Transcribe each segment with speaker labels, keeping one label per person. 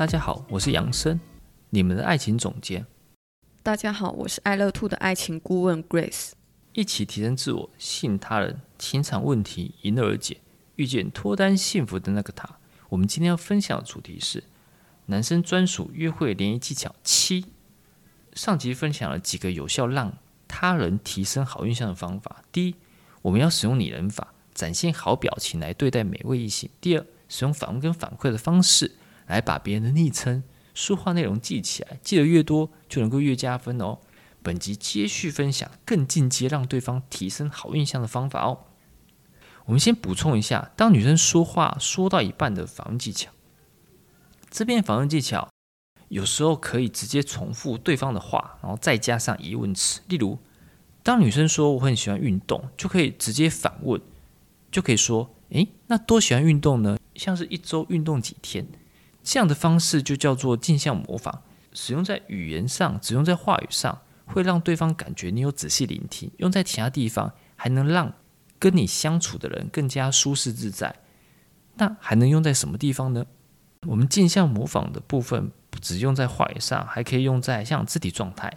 Speaker 1: 大家好，我是楊生，你們的愛情總監。
Speaker 2: 大家好，我是愛樂 Two 的愛情顧問 Grace。
Speaker 1: 一起提升自我，吸引他人，情場問題迎刃而解，遇見脫單幸福的那個他。我們今天要分享的主題是男生專屬約會聯誼技巧七。上集分享了幾個有效讓他人提升好印象的方法。第一，我們要使用擬人法，展現好表情來對待每位異性。第二，使用反問跟反饋的方式。來把別人的昵稱、說話內容記起來，記得越多就能夠越加分哦。本集接續分享更進階讓對方提升好印象的方法哦。我們先補充一下，當女生說話說到一半的反問技巧，這邊反問技巧有時候可以直接重複對方的話，然後再加上疑問詞。例如，當女生說我很喜歡運動，就可以直接反問，就可以說：誒，那多喜歡運動呢？像是一周運動幾天？這樣的方式就叫做鏡像模仿，使用在語言上，只用在話語上，會讓對方感覺你有仔細聆聽；用在其他地方，還能讓跟你相處的人更加舒適自在。那還能用在什麼地方呢？我們鏡像模仿的部分不只用在話語上，還可以用在像肢體狀態。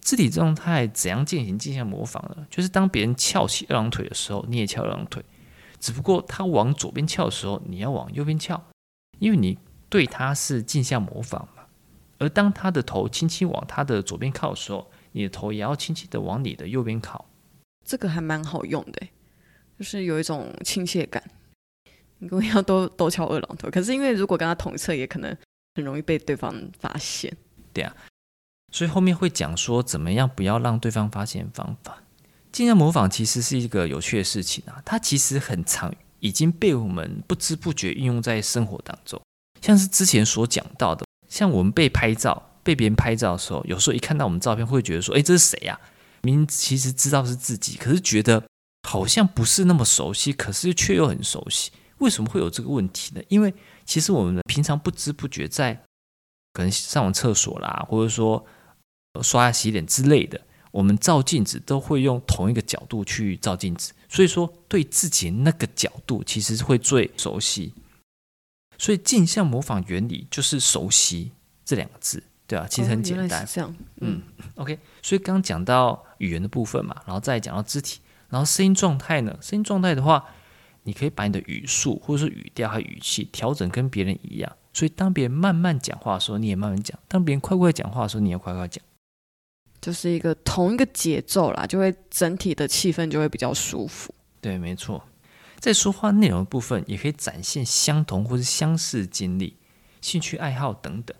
Speaker 1: 肢體狀態怎樣進行鏡像模仿呢？就是當別人翹起二郎腿的時候，你也翹二郎腿，只不過他往左邊翹的時候，你要往右邊翹，因為你。對他是鏡像模仿嘛，而當他的頭輕輕往他的左邊靠的時候，你的頭也要輕輕的往你的右邊靠，
Speaker 2: 這個還蠻好用的，就是有一種親切感。你不要都都翹二郎腿，可是因為如果跟他同側，也可能很容易被對方發現。
Speaker 1: 對啊，所以後面會講說怎麼樣不要讓對方發現方法。鏡像模仿其實是一個有趣的事情啊，它其實很長很常，已經被我們不知不覺運用在生活當中。像是之前所講到的，像我們被拍照、被別人拍照的時候，有時候一看到我們照片，會覺得說：“誒，這是誰呀？”明明其實知道是自己，可是覺得好像不是那麼熟悉，可是卻又很熟悉。為什麼會有這個問題呢？因為其實我們平常不知不覺在可能上完廁所啦，或者說刷牙、洗臉之類的，我們照鏡子都會用同一個角度去照鏡子，所以說對自己那個角度其實會最熟悉。所以鏡像模仿原理就是熟悉這兩個字，對啊，其實很簡單。哦、嗯，嗯，OK。所以剛，剛講到語言的部分嘛，然後再講到肢體，然後聲音狀態呢？聲音狀態的話，你可以把你的語速或者是語調和語氣調整跟別人一樣。所以當別人慢慢講話的時候，你也慢慢講；當別人快快講話的時候，你也快快講。
Speaker 2: 就是一個同一個節奏啦，就會整體的氣氛就會比較舒服。對，沒錯。
Speaker 1: 在說話內容的部分，也可以展現相同或是相似的經歷、興趣愛好等等。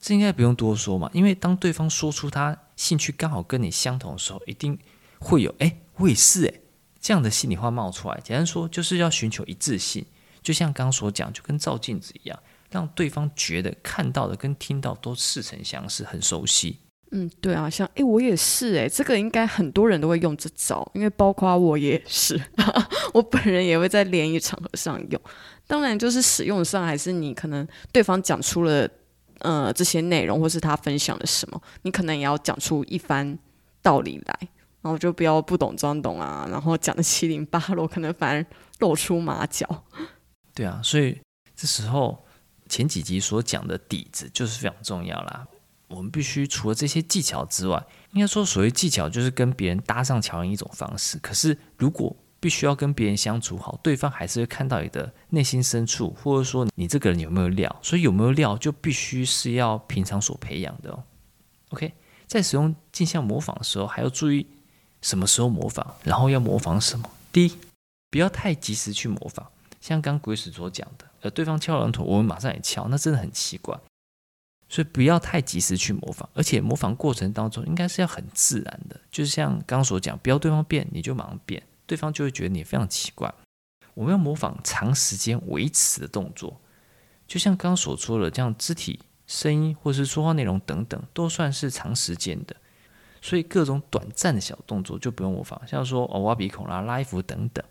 Speaker 1: 這應該不用多說嘛，因為當對方說出他興趣剛好跟你相同的時候，一定會有“誒，我也是誒”這樣的心裡話冒出來。簡單說，就是要尋求一致性，就像剛剛所講，就跟照鏡子一樣，讓對方覺得看到的跟聽到都似曾相識，很熟悉。
Speaker 2: 嗯，對啊，像哎、欸，我也是哎、欸，這個應該很多人都會用這招，因為包括我也是，啊、我本人也會在聯誼場合上用。當然，就是使用上還是你可能對方講出了呃這些內容，或是他分享了什麼，你可能也要講出一番道理來，然後就不要不懂裝懂啊，然後講的七零八落，可能反而露出馬腳。
Speaker 1: 對啊，所以這時候前幾集所講的底子就是非常重要啦。我們必須除了這些技巧之外，應該說所謂技巧就是跟別人搭上橋的一種方式。可是如果必須要跟別人相處好，對方還是會看到你的內心深處，或者說你這個人有沒有料。所以有沒有料就必須是要平常所培養的哦。OK，在使用鏡像模仿的時候，還要注意什麼時候模仿，然後要模仿什麼。第一，不要太及時去模仿，像剛 Grace 所講的，呃，對方翹二郎腿，我們馬上也翹，那真的很奇怪。所以不要太及時去模仿，而且模仿過程當中應該是要很自然的，就是像剛剛所講，不要對方變你就馬上變，對方就會覺得你非常奇怪。我們要模仿長時間維持的動作，就像剛剛所說的，這樣肢體、聲音或是說話內容等等都算是長時間的。所以各種短暫的小動作就不用模仿，像說哦，挖鼻孔啦、拉衣服等等，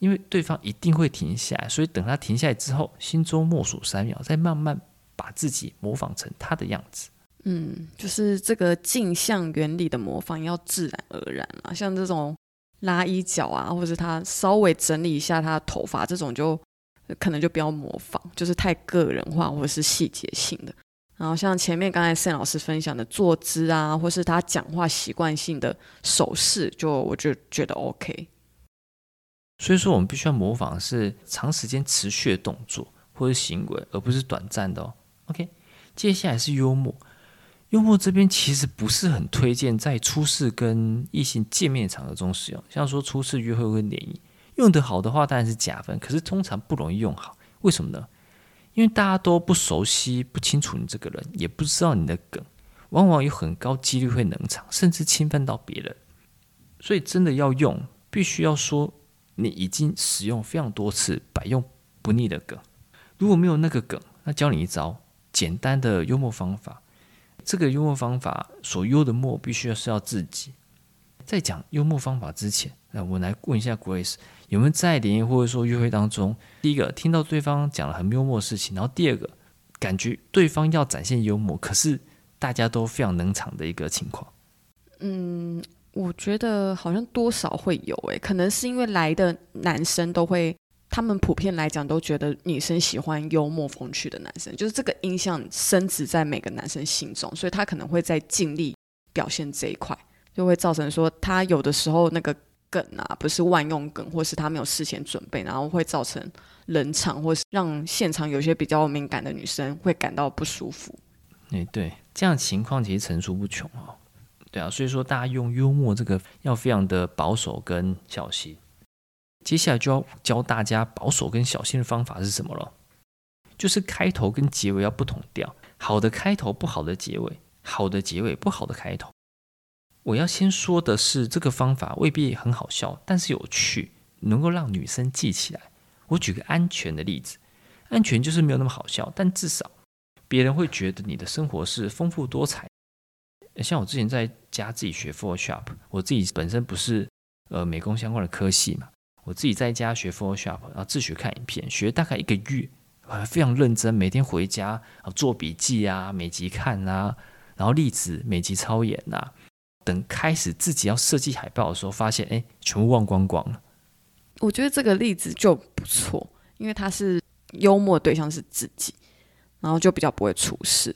Speaker 1: 因為對方一定會停下來，所以等他停下來之後，心中默數三秒，再慢慢。把自己模仿成他的樣子，嗯，
Speaker 2: 就是這個鏡像原理的模仿要自然而然啊，像這種拉衣角啊，或是他稍微整理一下他的頭髮，這種就可能就不要模仿，就是太個人化或者是細節性的。然後像前面剛才 Sam 老師分享的坐姿啊，或是他講話習慣性的手勢，就我就覺得 OK。
Speaker 1: 所以說，我們必須要模仿的是長時間持續的動作或是行為，而不是短暫的哦。OK，接下來是幽默。幽默這邊其實不是很推薦在初次跟異性見面場合中使用，像說初次約會或聯誼，用得好的話當然是加分，可是通常不容易用好。為什麼呢？因為大家都不熟悉，不清楚你這個人，也不知道你的梗，往往有很高幾率會冷場，甚至侵犯到別人。所以真的要用，必須要說你已經使用非常多次，百用不膩的梗。如果沒有那個梗，那教你一招。簡單的幽默方法，這個幽默方法所幽的默必須要是要自己。在講幽默方法之前，那我來問一下 Grace 有沒有在聯誼或者說約會當中，第一個聽到對方講了很幽默的事情，然後第二個感覺對方要展現幽默，可是大家都非常冷場的一個情況。
Speaker 2: 嗯，我覺得好像多少會有誒、欸，可能是因為來的男生都會。他們普遍來講都覺得女生喜歡幽默風趣的男生，就是這個印象深植在每個男生心中，所以他可能會在盡力表現這一塊，就會造成說他有的時候那個梗啊不是萬用梗，或是他沒有事前準備，然後會造成冷場，或是讓現場有些比較敏感的女生會感到不舒服。
Speaker 1: 欸，對，這樣情況其實層出不窮啊，哦。對啊，所以說大家用幽默這個要非常的保守跟小心。接下來就要教大家保守跟小心的方法是什麼了，就是開頭跟結尾要不同調。好的開頭，不好的結尾；好的結尾，不好的開頭。我要先說的是，這個方法未必很好笑，但是有趣，能夠讓女生記起來。我舉個安全的例子，安全就是沒有那麼好笑，但至少別人會覺得你的生活是豐富多彩。像我之前在家自己學 Photoshop，我自己本身不是呃美工相關的科系嘛。我自己在家學 Photoshop，然後自學看影片，學大概一個月，非常認真，每天回家做筆記啊，每集看啊，然後例子每集操演啊。等開始自己要設計海報的時候，發現哎、欸，全部忘光光了。
Speaker 2: 我覺得這個例子就不錯，因為它是幽默的對象是自己，然後就比較不會出事。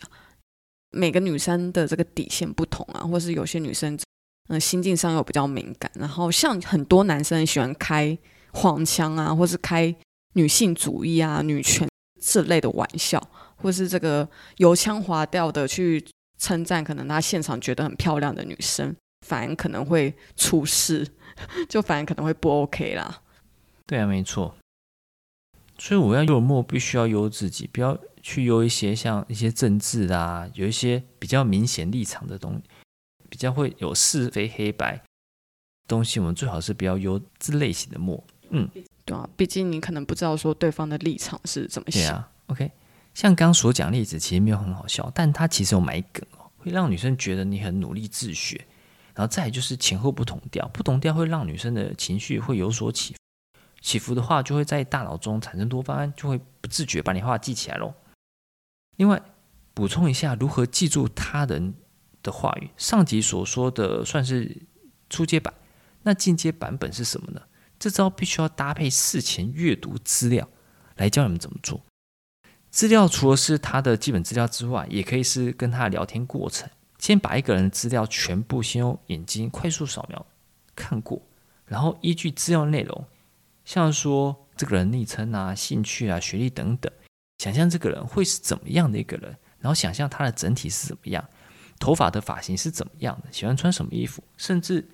Speaker 2: 每個女生的這個底線不同啊，或是有些女生這個嗯，心境上又比較敏感，然後像很多男生喜歡開黃腔啊，或是開女性主義啊、女權之類的玩笑，或是這個油腔滑調的去稱讚可能他現場覺得很漂亮的女生，反而可能會出事，就反而可能會不 OK 啦。
Speaker 1: 對啊，沒錯。所以我要幽默，必須要幽自己，不要去幽一些像一些政治啊，有一些比較明顯立場的東西。比較會有是非黑白的東西，我們最好是不要有這類型的墨。嗯，
Speaker 2: 對啊，畢竟你可能不知道說對方的立場是怎麼想。
Speaker 1: OK，像剛所講例子其實沒有很好笑，但它其實有埋梗哦，會讓女生覺得你很努力自學。然後再就是前後不同調，不同調會讓女生的情緒會有所起伏，起伏的話，就會在大腦中產生多巴胺，就會不自覺把你話記起來咯。另外補充一下，如何記住他人的話語。上集所說的算是初階版，那進階版本是什麼呢？這招必須要搭配事前閱讀資料來教你們怎麼做。資料除了是他的基本資料之外，也可以是跟他的聊天過程。先把一個人的資料全部先用眼睛快速掃描看過，然後依據資料內容，像說這個人昵稱啊、興趣啊、學歷等等，想象這個人會是怎麼樣的一個人，然後想象他的整體是怎麼樣。頭髮的髮型是怎麼樣的？喜歡穿什麼衣服？甚至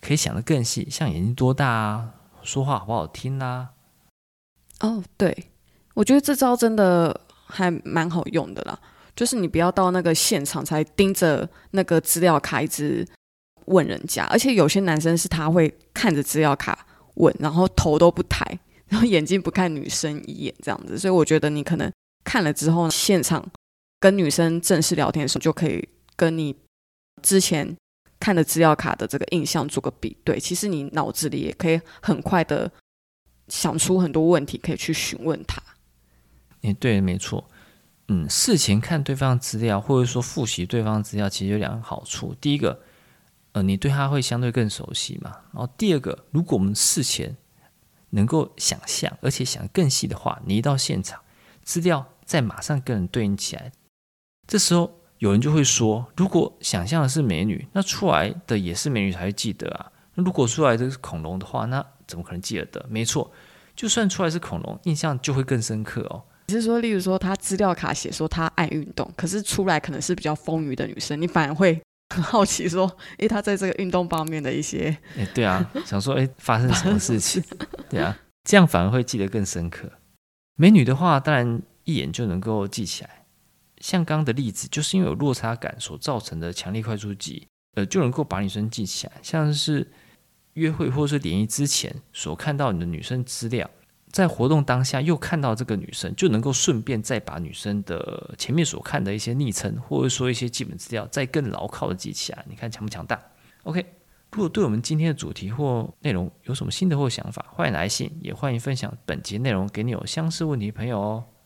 Speaker 1: 可以想得更細，像眼睛多大啊，說話好不好聽啊？
Speaker 2: 哦，對，我覺得這招真的還蠻好用的啦。就是你不要到那個現場才盯着那個資料卡一直問人家，而且有些男生是他會看着資料卡問，然後頭都不抬，然後眼睛不看女生一眼這樣子。所以我覺得你可能看了之後，現場跟女生正式聊天的時候就可以。跟你之前看的資料卡的這個印象做個比對，其實你腦子裡也可以很快的想出很多問題，可以去詢問他。
Speaker 1: 誒、欸，對，沒錯，嗯，事前看對方資料，或者說複習對方資料，其實有兩個好處。第一個，呃，你對他會相對更熟悉嘛。然後第二個，如果我們事前能夠想象而且想更細的話，你一到現場，資料再馬上跟人對應起來，這時候。有人就會說，如果想象的是美女，那出來的也是美女才會記得啊。那如果出來的是恐龍的話，那怎麼可能記得的？沒錯，就算出來是恐龍，印象就會更深刻哦。
Speaker 2: 只是說，例如說，他資料卡寫說他愛運動，可是出來可能是比較豐腴的女生，你反而會很好奇說，誒，他在這個運動方面的一些、
Speaker 1: 欸……對啊，想說，誒、欸，發生什麼事情？對啊，這樣反而會記得更深刻。美女的話，當然一眼就能夠記起來。像剛的例子，就是因為有落差感所造成的強力快速記憶，呃，就能夠把女生記起來。像是約會或者是聯誼之前所看到你的女生資料，在活動當下又看到這個女生，就能夠順便再把女生的前面所看的一些昵稱或者說一些基本資料，再更牢靠的記起來。你看強不強大？OK，如果對我們今天的主題或內容有什麼心得或想法，歡迎來信，也歡迎分享本集內容給你有相似問題的朋友哦。